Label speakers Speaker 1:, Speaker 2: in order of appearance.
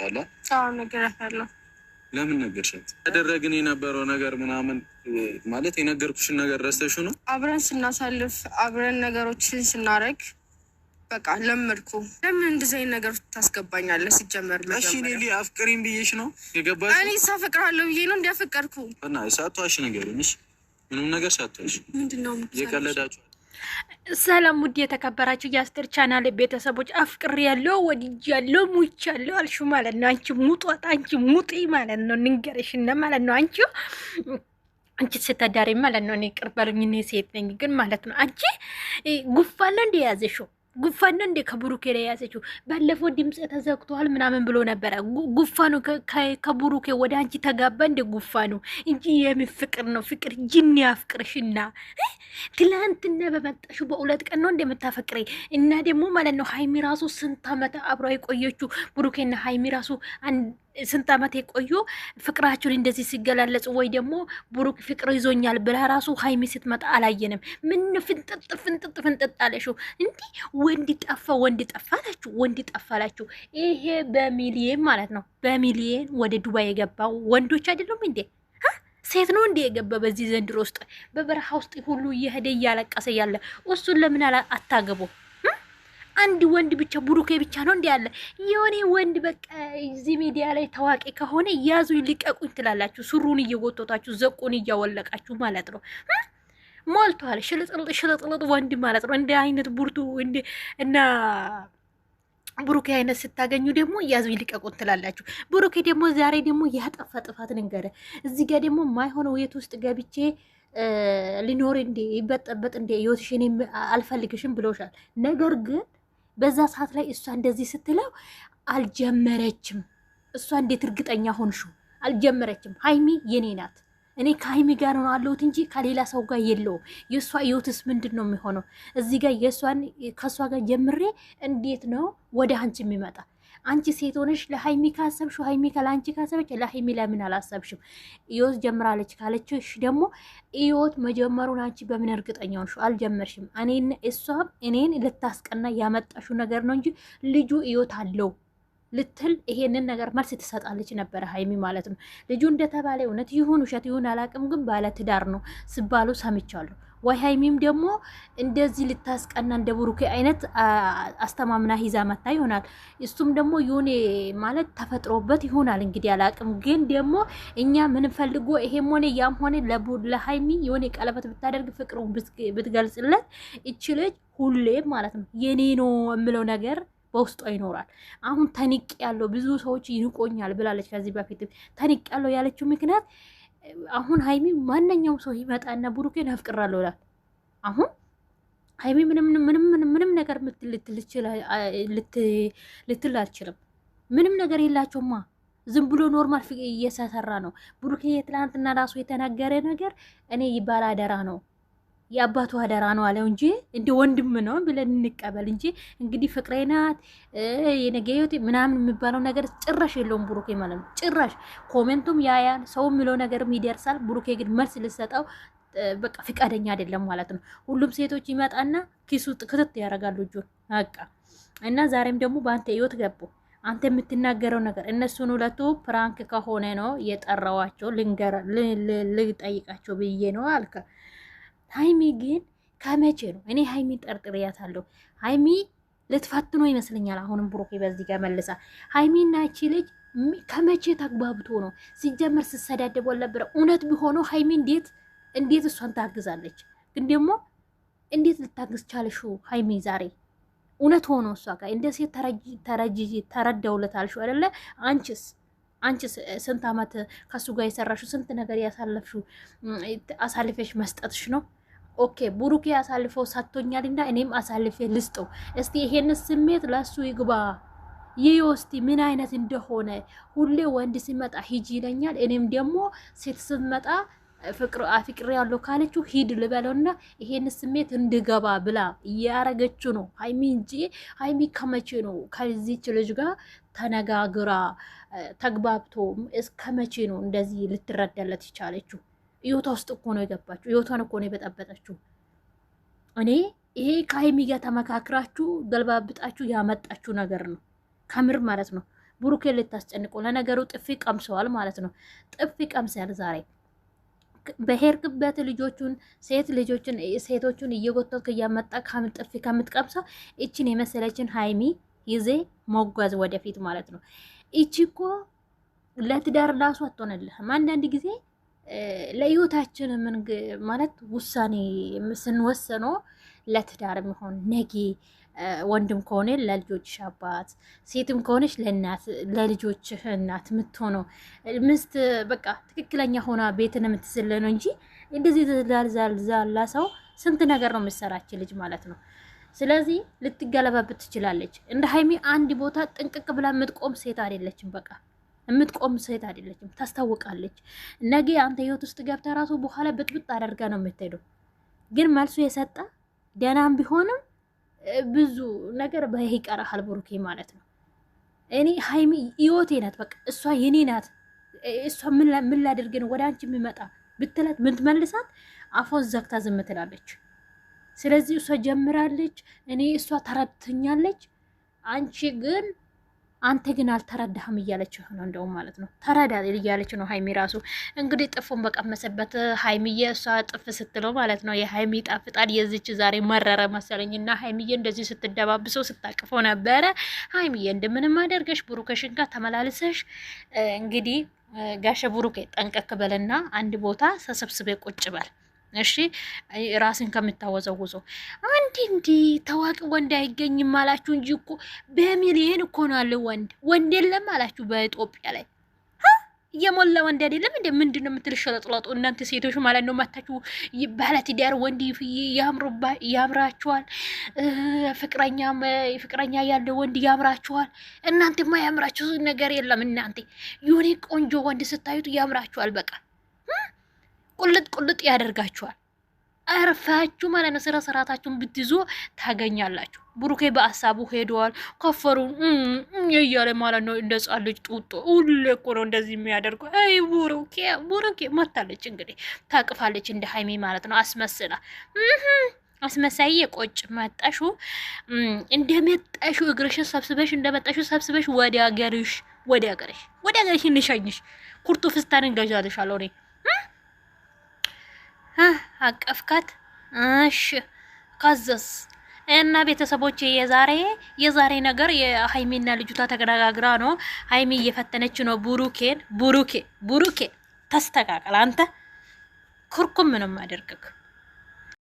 Speaker 1: ታውቃለህ? አዎ
Speaker 2: ለምን ነገርሻት? ያደረግን የነበረው ነገር ምናምን ማለት የነገርኩሽን ነገር ረስተሽው ነው?
Speaker 1: አብረን ስናሳልፍ አብረን ነገሮችን ስናረግ በቃ ለመድኩ። ለምን እንደዚህ አይነት ነገር ታስገባኛለህ? ሲጀመር
Speaker 2: እሺ፣ እኔ ሊ አፍቅሪኝ ብዬሽ ነው የገባሽ። እኔ ሳፈቅራለሁ ብዬ ነው እንዲያፈቀርኩ እና ሳቷሽ ነገር ምንም ነገር ሳቷሽ ምንድነው የቀለዳችሁ
Speaker 1: ሰላም ውድ የተከበራችሁ የአስቴር ቻናል ቤተሰቦች፣ አፍቅር ያለው ወድጅ ያለው ሙች ያለው አልሹ ማለት ነው። አንቺ ሙጧት፣ አንቺ ሙጢ ማለት ነው። ንንገርሽና ማለት ነው። አንቺ አንቺ ስተዳሪ ማለት ነው። እኔ ቅርበሉኝ፣ እኔ ሴት ነኝ ግን ማለት ነው። አንቺ ጉፋለ እንደያዘሽው ጉንፋን እንዴ ከቡሩኬ ላይ ያዘችው። ባለፈው ድምፅ ተዘግቷል ምናምን ብሎ ነበረ። ጉፋኑ ከቡሩኬ ወደ አንቺ ተጋባ እንዴ? ጉፋኑ እንጂ የምን ፍቅር ነው? ፍቅር ጅን ያፍቅርሽና ትላንትና በመጣሹ በሁለት ቀን ነው እንደምታፈቅሬ እና ደግሞ ማለት ነው ሀይሚ ራሱ ስንት ዓመት አብሮ የቆየችው ብሩኬና ሀይሚ ራሱ ስንት ዓመት የቆዩ ፍቅራቸውን እንደዚህ ሲገላለጹ ወይ ደግሞ ብሩክ ፍቅር ይዞኛል ብላ ራሱ ሀይሚ ስትመጣ አላየንም። ምን ፍንጥጥ ፍንጥጥ ፍንጥጥ አለሽው እንዲ ወንድ ጠፋ ወንድ ጠፋላችሁ ወንድ ጠፋላችሁ። ይሄ በሚሊየን ማለት ነው በሚሊየን ወደ ዱባይ የገባው ወንዶች አይደሉም እንዴ? ሴት ነው እንዴ የገባ በዚህ ዘንድሮ ውስጥ በበረሃ ውስጥ ሁሉ እየሄደ እያለቀሰ ያለ እሱን ለምን አታገቡ? አንድ ወንድ ብቻ ቡሩኬ ብቻ ነው እንዲህ ያለ የሆኔ ወንድ በቃ እዚህ ሚዲያ ላይ ታዋቂ ከሆነ ያዙኝ ልቀቁኝ ትላላችሁ። ሱሩን እየጎተታችሁ ዘቁን እያወለቃችሁ ማለት ነው። ሞልቷል። ሽልጥልጥ ሽልጥልጥ ወንድ ማለት ነው። እንደ አይነት ቡርቱ እና ብሩኬ አይነት ስታገኙ ደግሞ ያዙ ይልቀቁን ትላላችሁ። ብሩኬ ደግሞ ዛሬ ደግሞ ያጠፋ ጥፋት ንገረ። እዚህ ጋር ደግሞ ማይሆነ የት ውስጥ ገብቼ ሊኖር እንዴ ይበጠበጥ እንዴ ህይወትሽን አልፈልግሽም ብሎሻል። ነገር ግን በዛ ሰዓት ላይ እሷ እንደዚህ ስትለው አልጀመረችም። እሷ እንዴት እርግጠኛ ሆንሹ? አልጀመረችም። ሀይሚ የኔ ናት። እኔ ከሀይሚ ጋር ነው አለሁት እንጂ ከሌላ ሰው ጋር የለውም። የእሷ ህይወትስ ምንድን ነው የሚሆነው? እዚህ ጋር የእሷን ከእሷ ጋር ጀምሬ እንዴት ነው ወደ አንቺ የሚመጣ አንቺ ሴት ሆነሽ ለሀይሚ ካሰብሽው ሀይሚ ለአንቺ ካሰበች ለሀይሚ ለምን አላሰብሽም? እዮት ጀምራለች ካለችሽ ደግሞ እዮት መጀመሩን አንቺ በምን እርግጠኛ ሆንሽ? አልጀመርሽም። እኔን እሷም እኔን ልታስቀና ያመጣሽው ነገር ነው እንጂ ልጁ እዮት አለው ልትል ይሄንን ነገር መልስ ትሰጣለች ነበረ ሀይሚ ማለት ነው። ልጁ እንደተባለ እውነት ይሁን ውሸት ይሁን አላቅም፣ ግን ባለትዳር ነው ስባሉ ሰምቻለሁ። ወይ ሀይሚም ደግሞ እንደዚህ ልታስቀና እንደ ብሩኬ አይነት አስተማምና ሂዛ መታ ይሆናል። እሱም ደግሞ የሆነ ማለት ተፈጥሮበት ይሆናል እንግዲህ አላቅም። ግን ደግሞ እኛ ምንፈልጎ ይሄም ሆነ ያም ሆነ ለሀይሚ የሆነ ቀለበት ብታደርግ ፍቅሩን ብትገልጽለት እች ልጅ ሁሌም ማለት ነው የኔ ነው የምለው ነገር በውስጧ ይኖራል። አሁን ተንቅ ያለው ብዙ ሰዎች ይንቆኛል ብላለች። ከዚህ በፊት ተንቅ ያለው ያለችው ምክንያት አሁን ሀይሚ ማንኛውም ሰው ይመጣና ብሩኬን አፍቅራለሁ ይላል። አሁን ሀይሚ ምንም ነገር ልትል አልችልም። ምንም ነገር የላቸውማ። ዝም ብሎ ኖርማል እየሰራ ነው ብሩኬ። የትላንትና ራሱ የተናገረ ነገር እኔ ባላደራ ነው የአባቱ አደራ ነው አለው እንጂ እንደ ወንድም ነው ብለን እንቀበል እንጂ እንግዲህ ፍቅሬ ናት የነገ ምናምን የሚባለው ነገር ጭራሽ የለውም። ብሩኬ ማለት ነው ጭራሽ ኮሜንቱም ያያል፣ ሰው የሚለው ነገርም ይደርሳል። ብሩኬ ግን መልስ ልሰጠው በቃ ፍቃደኛ አይደለም ማለት ነው። ሁሉም ሴቶች ይመጣና ኪሱ ክትት ያደርጋሉ እጁን በቃ እና ዛሬም ደግሞ በአንተ ህይወት ገቡ። አንተ የምትናገረው ነገር እነሱን ሁለቱ ፕራንክ ከሆነ ነው የጠራዋቸው ልንገራ ልጠይቃቸው ብዬ ነው አልከ ሀይሚ ግን ከመቼ ነው እኔ ሀይሚ ጠርጥሬያታለሁ። ሀይሚ ልትፈትኖ ይመስለኛል። አሁንም ብሩኬ በዚህ ጋር መልሳ ሀይሚና እቺ ልጅ ከመቼ ተግባብቶ ነው ሲጀመር ስሰዳደብ ነበረ። እውነት ቢሆነው ሀይሚ እንዴት እንዴት እሷን ታግዛለች? ግን ደግሞ እንዴት ልታግዝ ቻልሹ? ሀይሚ ዛሬ እውነት ሆኖ እሷ ጋር እንደ ሴት ተረጅ ተረዳውለት አልሹ አይደለ? አንቺስ አንቺ ስንት አመት ከሱ ጋር የሰራሹ ስንት ነገር ያሳለፍሹ አሳልፈሽ መስጠትሽ ነው ኦኬ ቡሩኬ አሳልፎ ሰጥቶኛልና እኔም አሳልፌ ልስጠው። እስቲ ይሄን ስሜት ለሱ ይግባ ይወስቲ ምን አይነት እንደሆነ። ሁሌ ወንድ ሲመጣ ሂጂ ይለኛል። እኔም ደግሞ ሴት ስትመጣ ፍቅር አፍቅር ያለው ካለችው ሂድ ልበለውና ይሄን ስሜት እንድገባ ብላ እያረገችው ነው ሃይሚ እንጂ ሃይሚ ከመቼ ነው ከዚች ልጅ ጋር ተነጋግራ ተግባብቶ እስከመቼ ነው እንደዚህ ልትረዳለት ይቻለችው? ህይወቷ ውስጥ እኮ ነው የገባችሁ። ህይወቷን እኮ ነው የበጠበጠችው። እኔ ይሄ ከሀይሚ ጋር ተመካክራችሁ ገልባብጣችሁ ያመጣችሁ ነገር ነው ከምር ማለት ነው። ብሩኬ ልታስጨንቀው ለነገሩ ጥፊ ቀምሰዋል ማለት ነው። ጥፊ ቀምሰዋል ዛሬ በሄርክበት ልጆቹን ሴት ልጆችን ሴቶቹን እየጎተት እያመጣ ጥፊ ከምትቀምሰው እችን የመሰለችን ሀይሚ ይዜ መጓዝ ወደፊት ማለት ነው። እቺ እኮ ለትዳር ራሱ አትሆንልህም አንዳንድ ጊዜ ለህይወታችን ምን ማለት ውሳኔ ስንወሰኖ ለትዳር የሚሆን ነጌ ወንድም ከሆነ ለልጆችሽ አባት፣ ሴትም ከሆነች ለእናት ለልጆችህ እናት የምትሆነው ምስት በቃ ትክክለኛ ሆና ቤትን የምትስል ነው እንጂ እንደዚህ ዛልዛላ ሰው ስንት ነገር ነው የምትሰራች ልጅ ማለት ነው። ስለዚህ ልትገለባበት ትችላለች። እንደ ሀይሚ አንድ ቦታ ጥንቅቅ ብላ የምትቆም ሴት አይደለችም በቃ የምትቆም ሴት አይደለችም። ታስታውቃለች። ነገ አንተ ህይወት ውስጥ ገብተ ራሱ በኋላ ብጥብጥ አደርጋ ነው የምትሄደው። ግን መልሱ የሰጠ ደህናም ቢሆንም ብዙ ነገር በይህ ይቀርሃል ብሩኬ ማለት ነው። እኔ ሀይሚ ህይወቴ ናት፣ በቃ እሷ የኔ ናት። እሷ ምን ላደርግ ነው ወደ አንቺ የሚመጣ ብትላት ምትመልሳት አፎን ዘግታ ዝም ትላለች። ስለዚህ እሷ ጀምራለች፣ እኔ እሷ ተረድተኛለች። አንቺ ግን አንተ ግን አልተረዳህም እያለችው ነው እንደውም ማለት ነው ተረዳ እያለች ነው ሀይሚ ራሱ እንግዲህ ጥፉን በቀመሰበት ሀይሚዬ እሷ ጥፍ ስትለው ማለት ነው የሀይሚ ጣፍጣል የዚች ዛሬ መረረ መሰለኝ እና ሀይሚዬ እንደዚህ ስትደባብሰው ስታቅፈው ነበረ ሀይሚዬ እንደምንም አደርገሽ ብሩከሽን ጋር ተመላልሰሽ እንግዲህ ጋሸ ቡሩኬ ጠንቀክ በልና አንድ ቦታ ሰሰብስቤ ቁጭ በል እሺ ራስን ከምታወዘውዞ አንድ እንዲ ታዋቂ ወንድ አይገኝም አላችሁ እንጂ እኮ በሚሊየን እኮ ነው ያለ ወንድ ወንድ የለም አላችሁ በኢትዮጵያ ላይ እየሞላ ወንድ አይደለም እንዴ? ምንድን ነው የምትል እናንተ ሴቶች ማለት ነው። መታችሁ ባለ ወንድ ያምራችኋል፣ ፍቅረኛ ያለ ወንድ ያምራችኋል። እናንተማ ያምራችሁ ነገር የለም። እናንተ የሆነ ቆንጆ ወንድ ስታዩት ያምራችኋል በቃ ቁልጥ ቁልጥ ያደርጋችኋል። አረፋችሁ ማለት ነው። ስራ ስርዓታችሁን ብትይዙ ታገኛላችሁ። ብሩኬ በአሳቡ ሄደዋል። ከፈሩ እያለ ማለት ነው። እንደ ጻ ልጅ ጡጦ ሁሌ እኮ ነው እንደዚህ የሚያደርጉ። አይ ቡሩኬ ቡሩኬ መታለች እንግዲህ ታቅፋለች፣ እንደ ሀይሜ ማለት ነው። አስመስላ አስመሳይ የቆጭ መጣሹ እንደመጣሹ እግርሽ ሰብስበሽ እንደመጣሹ ሰብስበሽ ወደ ሀገርሽ ወደ ሀገርሽ ወደ ሀገርሽ እንሸኝሽ። ኩርቱ ፍስታን እንገዛልሻለሁ እኔ አቀፍካት። እሺ ካዘስ እና ቤተሰቦች የዛሬ የዛሬ ነገር የሀይሚና ልጅቷ ተነጋግራ ነው። ሀይሚ እየፈተነች ነው ቡሩኬን። ቡሩኬ ቡሩኬ ተስተካከል አንተ ኩርኩም ምንም አደርግክ